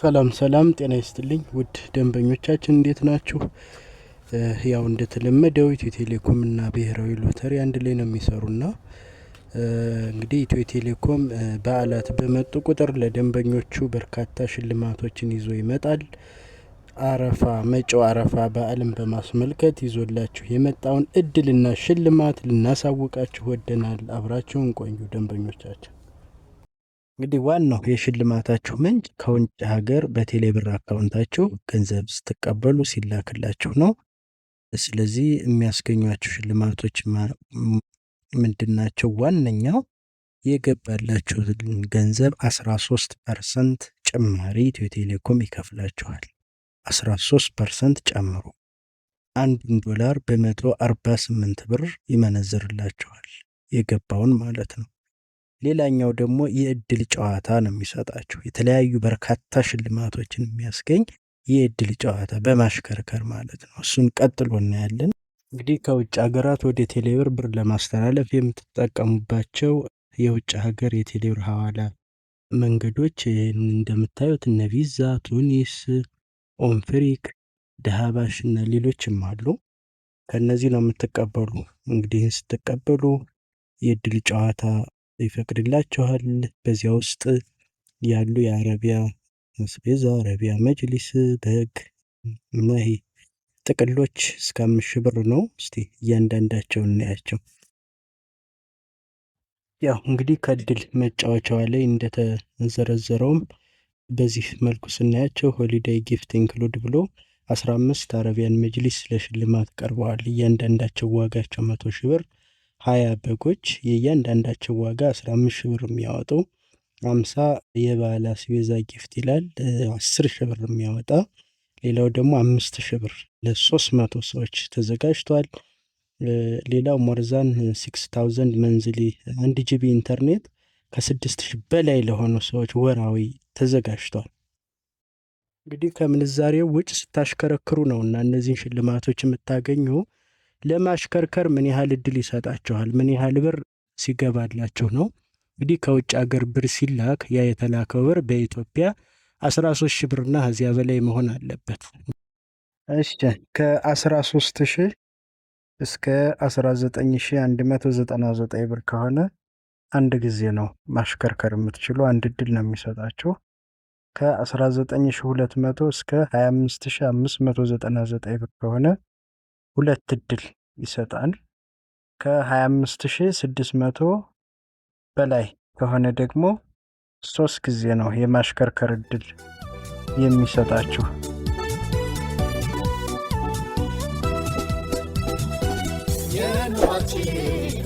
ሰላም ሰላም፣ ጤና ይስጥልኝ ውድ ደንበኞቻችን እንዴት ናችሁ? ያው እንደተለመደው ኢትዮ ቴሌኮም እና ብሔራዊ ሎተሪ አንድ ላይ ነው የሚሰሩና እንግዲህ ኢትዮ ቴሌኮም በዓላት በመጡ ቁጥር ለደንበኞቹ በርካታ ሽልማቶችን ይዞ ይመጣል። አረፋ መጪው አረፋ በዓልን በማስመልከት ይዞላችሁ የመጣውን እድልና ሽልማት ልናሳውቃችሁ ወደናል። አብራችሁን ቆዩ ደንበኞቻችን እንግዲህ ዋናው የሽልማታችሁ ምንጭ ከውጭ ሀገር በቴሌብር አካውንታችሁ ገንዘብ ስትቀበሉ ሲላክላችሁ ነው። ስለዚህ የሚያስገኟችሁ ሽልማቶች ምንድናቸው ዋነኛው የገባላችሁትን ገንዘብ 13 ፐርሰንት ጭማሪ ኢትዮ ቴሌኮም ይከፍላችኋል። 13 ፐርሰንት ጨምሮ አንዱን ዶላር በ148 ብር ይመነዝርላችኋል። የገባውን ማለት ነው። ሌላኛው ደግሞ የእድል ጨዋታ ነው የሚሰጣቸው የተለያዩ በርካታ ሽልማቶችን የሚያስገኝ የእድል ጨዋታ በማሽከርከር ማለት ነው። እሱን ቀጥሎ እናያለን። እንግዲህ ከውጭ ሀገራት ወደ ቴሌብር ብር ለማስተላለፍ የምትጠቀሙባቸው የውጭ ሀገር የቴሌብር ሀዋላ መንገዶች እንደምታዩት እነ ቪዛ፣ ቱኒስ፣ ኦንፍሪክ፣ ደሃባሽ እና ሌሎችም አሉ። ከእነዚህ ነው የምትቀበሉ። እንግዲህ ስትቀበሉ የእድል ጨዋታ ይፈቅድላችኋል። በዚያ ውስጥ ያሉ የአረቢያ አስቤዛ፣ አረቢያ መጅሊስ፣ በግ እና ይሄ ጥቅሎች እስከ አምስት ሺህ ብር ነው። እስቲ እያንዳንዳቸው እናያቸው። ያው እንግዲህ ከድል መጫወቻዋ ላይ እንደተዘረዘረውም በዚህ መልኩ ስናያቸው ሆሊዴይ ጊፍት ኢንክሉድ ብሎ አስራ አምስት አረቢያን መጅሊስ ለሽልማት ቀርበዋል። እያንዳንዳቸው ዋጋቸው መቶ ሺህ ብር ሀያ በጎች የእያንዳንዳቸው ዋጋ አስራ አምስት ሺህ ብር የሚያወጡ አምሳ የባህል አስቤዛ ጊፍት ይላል አስር ሺህ ብር የሚያወጣ ሌላው ደግሞ አምስት ሺህ ብር ለሶስት መቶ ሰዎች ተዘጋጅቷል። ሌላው ሞርዛን ሲክስ ታውዘንድ መንዝሊ አንድ ጂቢ ኢንተርኔት ከስድስት ሺህ በላይ ለሆኑ ሰዎች ወራዊ ተዘጋጅቷል። እንግዲህ ከምንዛሬው ውጭ ስታሽከረክሩ ነው እና እነዚህን ሽልማቶች የምታገኙ ለማሽከርከር ምን ያህል እድል ይሰጣቸዋል? ምን ያህል ብር ሲገባላቸው ነው? እንግዲህ ከውጭ ሀገር ብር ሲላክ ያ የተላከው ብር በኢትዮጵያ 13 ሺህ ብርና ከዚያ በላይ መሆን አለበት። እሺ ከ13 ሺህ እስከ 19199 ብር ከሆነ አንድ ጊዜ ነው ማሽከርከር የምትችሉ፣ አንድ እድል ነው የሚሰጣችሁ። ከ19200 እስከ 25599 ብር ከሆነ ሁለት እድል ይሰጣል። ከ25600 በላይ ከሆነ ደግሞ ሶስት ጊዜ ነው የማሽከርከር እድል የሚሰጣችሁ። የኑሯችን